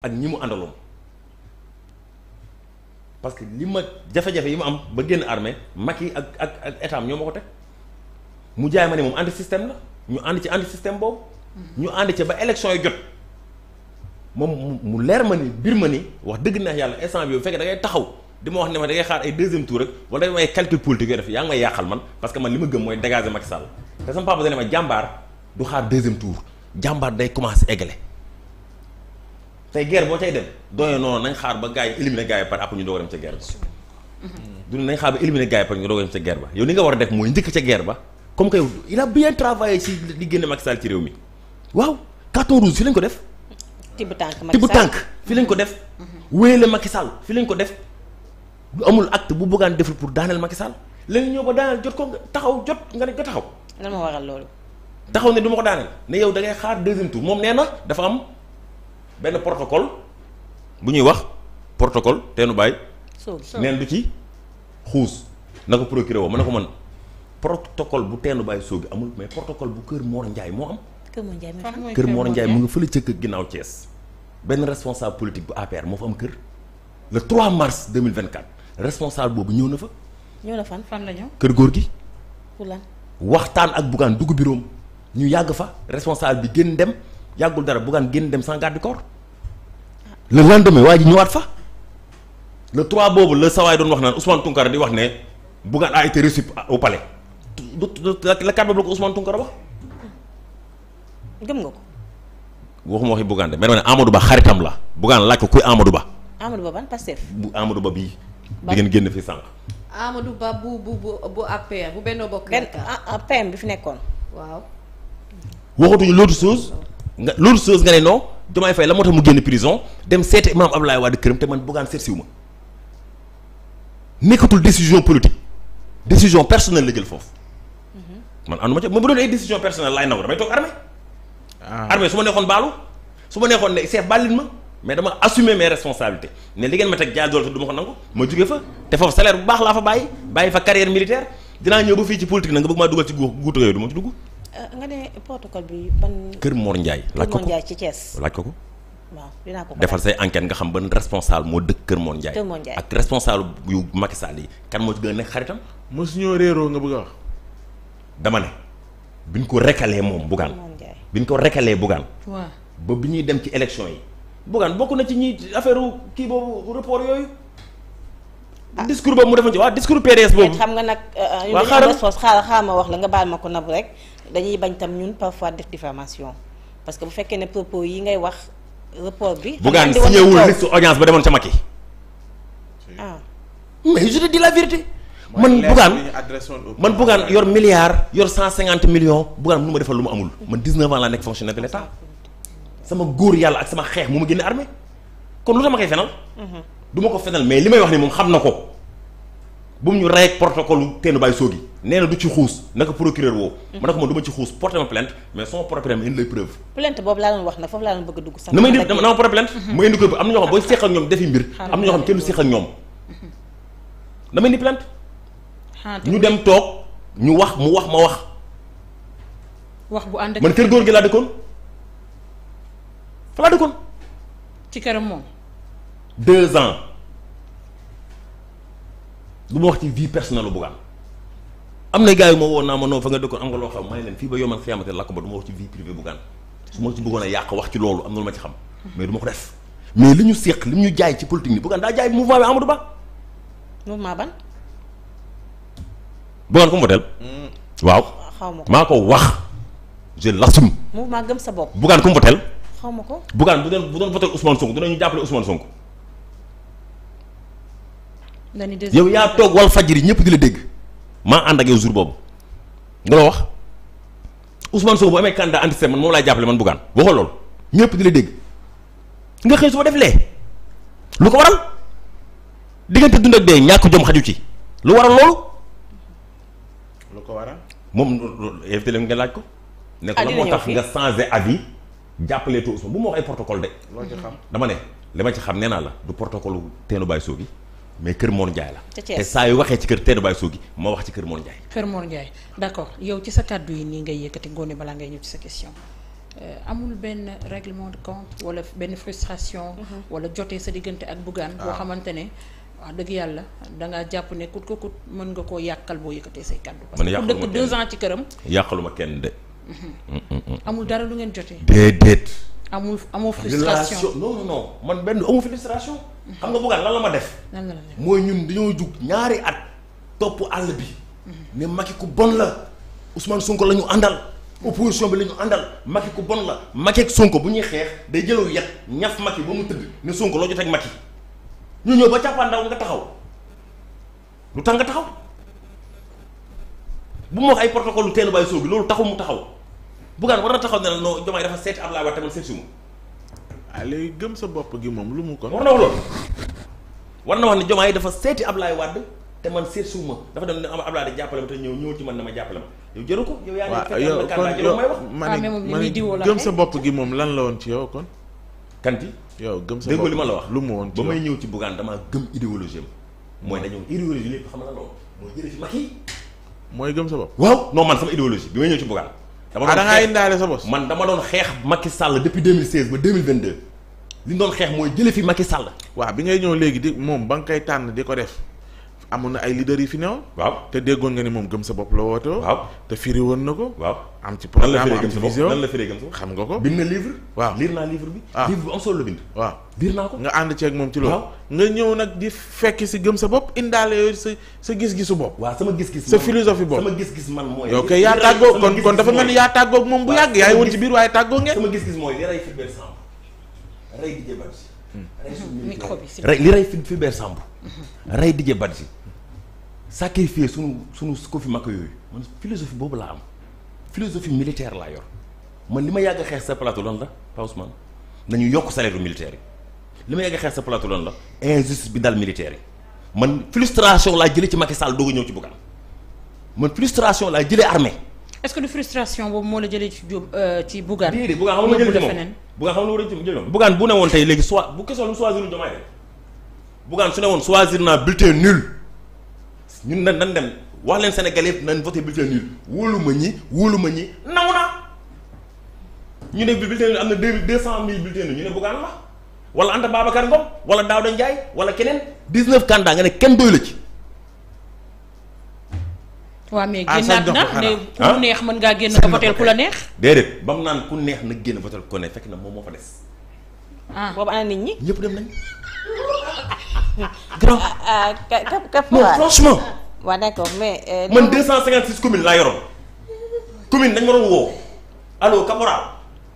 ak ñi mu àndaloon parce que li ma jafe-jafe yi mu am ba génn armée Macky ak ak ak état ñoo ma ko teg mu jaay ma ne moom anti système la ñu ànd ci anti système boobu. Mm-hmm. ñu ànd ci ba élection yi jot moom mu leer ma ni biir ma ni wax dëgg neex yàlla instant bi bu fekkee da taxaw di ma wax ne ma da ngay xaar ay deuxième tour rek wala da may calcul politique yooyu yaa ngi may yàqal man parce que man li ma gëm mooy dégager Macky Sall te sama papa da ne ma jàmbaar du xaar deuxième tour jàmbaar day commencer égaler. tey geer boo cay dem doone noonu nañ xaar ba gars yi éliminer gars yi par ñu doog a dem ca guerre ba nañ xaar ba éliminer gars yi par a yow li nga war a def mooy njëkk ca guerre ba comme que yow il a bien travaillé si li génne Macky Sall ci réew mi waaw carton rouge fi lañ ko def tibb tànk Macky Sall tibb tànk fi lañ ko def wéele Macky Sall fii lañ ko def lu amul acte bu bëggaan deful pour daaneel Macky Sall léegi ñëw ba daaneel jot ko taxaw jot nga ne ko taxaw lan moo waral loolu taxaw ne du ma ko daaneel ne yow da ngay xaar deuxième tour moom nee na dafa am benn protocole bu ñuy wax protocole teenu bàyyi. neen du ci xuus na ko procuré woo ma ne ko man protocole bu teenu bàyyi soogi amul mais protocole bu Kër Mor Ndiaye moo am. Kër Mor Ndiaye moo Kër Mor Ndiaye mu nga fële ca ginnaaw Thiès. benn responsable politique bu APR moo fa am kër le 3 mars 2024 responsable boobu ñëw na fa. ñëw na fan fan la kër góor gi. waxtaan ak Bougane dugg biroom ñu yàgg fa responsable bi gën dem. yàggul dara Bougane génn dem sans garde du corps ah. le lendemain waa ji ñëwaat fa le 3 boobu la sawaay doon wax naan Ousmane Tounkara di wax ne Bougane a été reçu au la kat boobu la ko Ousmane Tounkara wax. gëm nga ko. waxuma waxi Bougane de mais dama ne Ba xaritam la Bougane laaj ko kuy Amadou Ba. Amadou Ba ban Pastef. bu Amadou Ba bii. ba di ngeen génn fii sànq. Amadou Ba bu bu bu bu bu Benno Bokk Yaakaar. benn bi fi nekkoon. waaw. waxatuñu l'autre chose. nga loolu soos nga ne noo Diomaye Faye la moo tax mu génn prison dem seete Maam Abdoulaye Wade këram te man Bougane seet siwu ma nekkatul décision politique décision personnelle la jël foofu mhm. man ànduma ci ma bu doon ay décision personnelle laay naw damay toog armée ah. armée su ma neexoon baalu su ma neexoon ne chef ma mais dama assumer mes li ngeen ma teg jaay doole te du ma ko nangu ma jóge fa te foofu salaire bu baax laa fa bàyyi bàyyi fa carrière militaire dinaa ñëw ba fii ci politique na nga bëgg maa dugal ci guut yooyu du ma ci dugg Eh, nga ne protocole bi ban. Kër Mor Ndiaye. laaj ko ko ci Thiès. laaj ko ko. waaw ko defal say enquête nga xam ba ban responsable moo dëkk Kër Mor Ndiaye. Kër Mor Ndiaye ak responsable yu Macky Sall yi kan moo ci gën a nekk xaritam. mosuñoo réeroo nga bëgg a dama ne biñ ko rekalee moom Bougane. biñ ko rekalee Bougane. waaw ba bi ñuy dem ci élection yi. Bougane bokk na ci ñi affaire kii boobu report yooyu. Ah. discours boobu mu defoon ci waaw discours PDS boobu. xam nga nag. Euh, euh, waaw xaaral ma wax la nga baal ma ko nabu rek. dañuy bañ tam ñun parfois def diffamation parce que bu fekkee ne propos yi ngay wax report bi. Bougane signé wul liste audience ba demoon ca Macky. ah. mais je te dis la vérité. man Bougane man Bougane yor milliard yor cent cinquante millions Bougane mënu ma defal lu mu amul man dix-neuf ans laa nekk fonctionnaire de sama góor yàlla ak sama xeex mu ma génne armée kon lu tax fenal mhm. du ko fenal mais li may wax ni moom xam na ko bu mu ñu rey ak protocole teenu bàyyi soogi nee na du ci xuus naka procureur woo. Mm-hmm. ma ne ko man du ma ci xuus porté ma plainte mais sama propre ma indi lay preuve. plainte boobu laa doon wax nag foofu laa doon bëgg a dugg sax. na ma indi na ma ma indi ko am am na ñoo xam kenn du seq ak ñoom. na mm-hmm. ma indi plainte. Ah, ñu dem toog ñu wax mu wax ma wax. wax bu ànd ak man kër góor gi laa dëkkoon. fa laa dëkkoon. ci a moom. du ma wax ci vie personnelle bu gaan am na gars yi ma woon naa ma noonu fa nga dëkkoon am nga loo may leen fii ba yomal xiyaamate lakk ba du ma wax ci vie privée bu su ma ci bëggoon a yàq wax ci loolu am na lu ma ci xam mais du ma ko def mais li ñu séq li ñu jaay ci politique ni bu gaan daa jaay mouvement bi Amadou Ba mouvement ban bu gaan ko modèle waaw xaw ma ko maa ko wax je l'assume mouvement gëm sa bopp bu gaan ko modèle xaw ma ko bu gaan bu doon bu doon voté Ousmane Sonko Sonko yow yaa toog wal fajiri ñëpp di la dégg maa ànd ak yow jour boobu nga loo wax Ousmane Sonko bu amee candidat anti-système man moom laay jàppale man Bougane waxoo loolu ñëpp di la dégg nga xëy suba def lee lu ko waral diggante dund ak dee ñàkk jom xaju ci lu waral loolu. lu ko waral moom invité leen nga laaj ko. nekk ko ah, la moo tax nga changé avis jàppaleetoo Ousmane bu ma wax ay protocole de. dama ne li ma ci xam nee naa la du protocole teenu bàyyi soo gi mais kër Mor Ndiaye la. te saa yu waxee ci kër Tedd Baye Sogui moo wax ci kër Mor Ndiaye. kër Mor Ndiaye d'accord yow ci sa kàddu yi nii ngay yëkkati ngoone balaa ngay ñëw ci sa question euh, amul benn règlement de compte wala benn frustration. Mm-hmm. wala jotee sa diggante ak Bougane. boo ah. xamante ne wax dëgg yàlla da ngaa jàpp ne kut ko kut mën nga koo yàqal boo yëkkatee say kàddu. parce que ku dëkk deux ans ci këram. yàqaluma kenn de. Mm-hmm. amul dara lu ngeen jotee. amul amul frustration non non man benn amul frustration. xam nga Bougane lan la ma def. mooy ñun dañoo jug ñaari at topp àll bi. ne Macky ku bon la Ousmane Sonko la ñu àndal. opposition bi lañu àndal Macky ku bon la Macky ak Sonko bu ñuy xeex day jëlaw yat ñaf Macky ba mu tëgg ne Sonko loo jot ak Macky ñu ñëw ba càppaandaw nga taxaw lu tax nga taxaw bu mu wax ay protocole lu teelu bàyyi soogi loolu taxu mu taxaw. Bougane war na taxaw ne la non Diomaye dafa seeti Abdoulaye Wade tamit seet si ma. ah léegi gëm sa bopp gi moom lu mu ko. war na wax war na wax ne Diomaye dafa seeti Abdoulaye Wade te man seet si ma dafa dem ne am Abdoulaye di jàppale ñëw ñëw man na ma jàppale ma yow ko. yow yaa ngi fekk na kàllaaj yow may wax ma ah, eh? sa bopp gi moom lan la woon ci yow kon. kanti yow gëm li ma la wax lu mu woon ba may ñëw ci Bougane damaa gëm idéologie am mooy dañoo xam na loolu mooy gëm sa bopp waaw non man sama idéologie bi may ñëw ci Bougane dama doon xeex ah, da ngaa indaale sa bos. man dama doon xeex Macky sàll depuis 2016 ba 2022 li nga doon xeex mooy jële fi Macky Sall. waaw bi ngay ñëw léegi di moom ba nga koy tànn di ko def amoon na ay leaders yi fi newoon. waaw te déggoon nga ni moom gëm sa bopp la woote. waaw te firi woon na ko. waaw am ci programme am ci vision nan la firee xam nga ko. bind na livre. waaw lire naa livre bi. ah livre bu am nga ànd ceeg moom ci loolu. nga ñëw nag di fekk si gëm sa bopp indaale sa sa gis-gisu bopp. waaw sama gis-gis sa philosophie bopp sama gis-gis man mooy. yow kay yaa tàggoo kon kon dafa mel ni yaa tàggoo moom bu yàgg. yaay woon ci biir waaye tàggoo ngeen. sama gis-gis mooy li rey Fulbert Sambou rey Didier Badji. Hmm. rey rey Didier Badji sacrifier sunu sunu Kofi Maka yooyu man philosophie boobu laa am philosophie militaire laa yor man li ma yàgg a xeex sa plateau lan la Pa Ousmane nañu yokk salaire militaire yi li ma yàgg a xeex sa plateau lan la injustice bi dal militaire yi man frustration laa jëlee ci Macky Sall doog a ñëw ci Bougane man frustration laa jëlee armée. est-ce que du frustration boobu moo la jëlee ci Diop euh, ci xam nga ma jëlee ci moom Bougane xam nga ma bu ne woon tey léegi soit bu kesoo lu mu choisir Diomaye Bougane su ne woon choisir naa bulletin nul ñun nan nan dem wax leen Sénégalais yëpp nañ voté bulletin nul wóolu ma ñi wóolu ma ñi naw na ñu ne bulletin nul am na deux deux cent mille bulletin nul ñu ne Bougane la wala Anta Babacar Ngom wala Daouda Ndiaye wala keneen dix neuf nga ne kenn doy la ci. waaw mais ah, génnaat na ne ku ah? neex mën ngaa génn nga voté ku la neex. déedéet ba mu naan ku neex na génn voté ko ne fekk na moom moo fa des. ah boobu ana nit ñi. ñëpp dem nañ. grand. ah non franchement. waaw d'accord mais. Euh, man 256 communes laa yoroon commune dañ ma doon woo allo caporal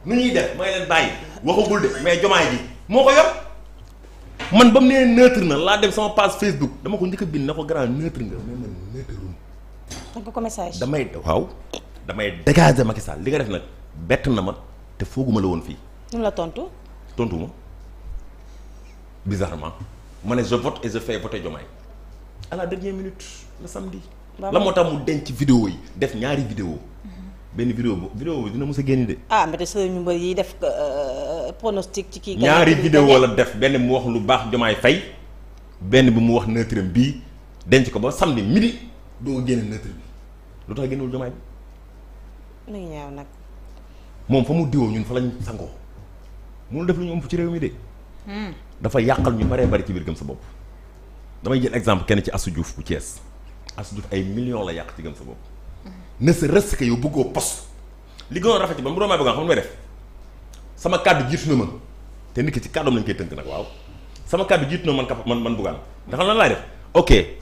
nu ñuy def may leen bàyyi waxagul de mais jomaay bi moo ko yor man ba mu nee neutre na laa dem sama page Facebook dama ko njëkk a bind na ko grand neutre nga mais man neutre wu ma. ko message. damay waaw damay dégager Macky Sall li nga def nag bett na ma te fooguma la woon fii. nu la tontu. tontu ma bizarrement. ma ne je vote et je fais voter Diomaye à minute le samedi. la moo tax mu denc vidéo yi def ñaari vidéo mhm. benn vidéo bu bi dina mës a génn de. ah mais te ñu bëri yi def euh, pronostic ci kii. ñaari vidéo la def benn mu wax lu baax Diomaye Faye benn bi mu wax neutre bii denc ko ba samedi midi doo génne neutre bi lu tax génnul Diomaye bi. ñaaw nag. moom fa mu diwoo ñun fa lañ sangoo mënul def lu ñu ëmb ci réew mi de. dafa yàqal ñu bëree bëri ci biir gëm sa bopp damay jël exemple kenn ci Assou Diouf bu cees Assou Diouf ay millions la yàq ci gëm sa bopp ne sa reste que yow bëggoo pos li gënoon rafet ci man bu doon maa bëggoon xam nga def sama kàddu jiitu na ma te nit ki ci kàddoom lañ koy tënk nag waaw sama kàddu jiitu na man man man bëggaan ndax lan laay def ok